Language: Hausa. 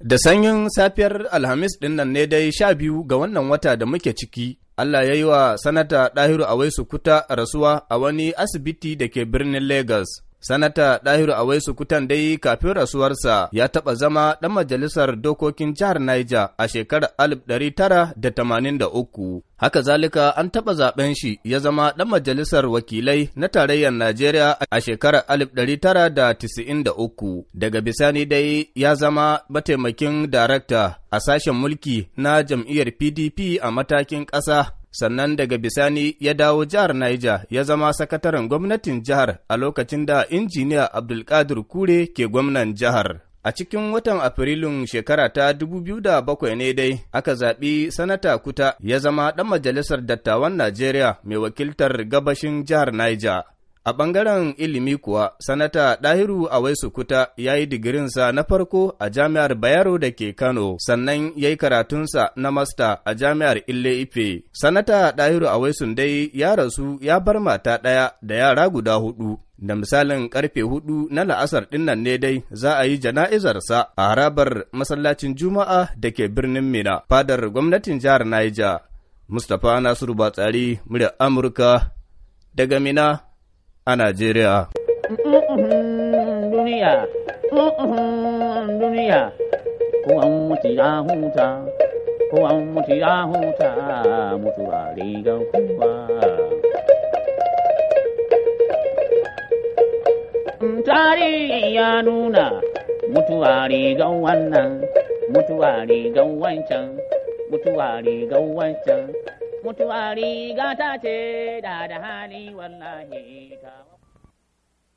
Da sanyin safiyar Alhamis ɗin nan ne dai sha biyu ga wannan wata da muke ciki, Allah ya yi wa Sanata Ɗahiru su Kuta rasuwa a wani asibiti da ke birnin Legas. Sanata Dahiru Awaisu Kutan dai kafin rasuwarsa ya taɓa zama ɗan majalisar dokokin jihar Niger a shekarar 1983. Haka zalika an taɓa zaɓen shi ya zama ɗan majalisar wakilai na tarayyar Najeriya a shekarar 1993. Daga bisani dai ya zama mataimakin darakta a sashen mulki na jam'iyyar PDP a matakin ƙasa sannan daga bisani ya dawo jihar Niger ya zama sakataren gwamnatin jihar a lokacin da injiniya Abdulkadir Kure ke gwamnan jihar. A cikin watan Afrilun shekara ta 2007 ne dai aka zaɓi Sanata Kuta ya zama ɗan majalisar dattawan Najeriya mai wakiltar gabashin jihar Niger. A ɓangaren ilimi kuwa, Sanata Ɗahiru Awaisu Kuta ya yi digirinsa na farko a Jami'ar Bayero da ke Kano, sannan ya yi karatunsa na masta a Jami'ar Ile Ife. Sanata Ɗahiru Awaisu dai ya rasu ya bar mata ɗaya da yara guda hudu. Da misalin karfe hudu na la'asar dinnan ne dai za a yi jana'izarsa a harabar masallacin Juma'a da ke birnin Mina, fadar gwamnatin jihar Niger. Mustapha Nasiru Batsari, murya Amurka, daga Mina. a Najeriya. Duniya, duniya, huta, ko ya nuna mutuwa rigan wannan wancan mutuwa wancan mutuwa riga ta ce da da hali wallahi ta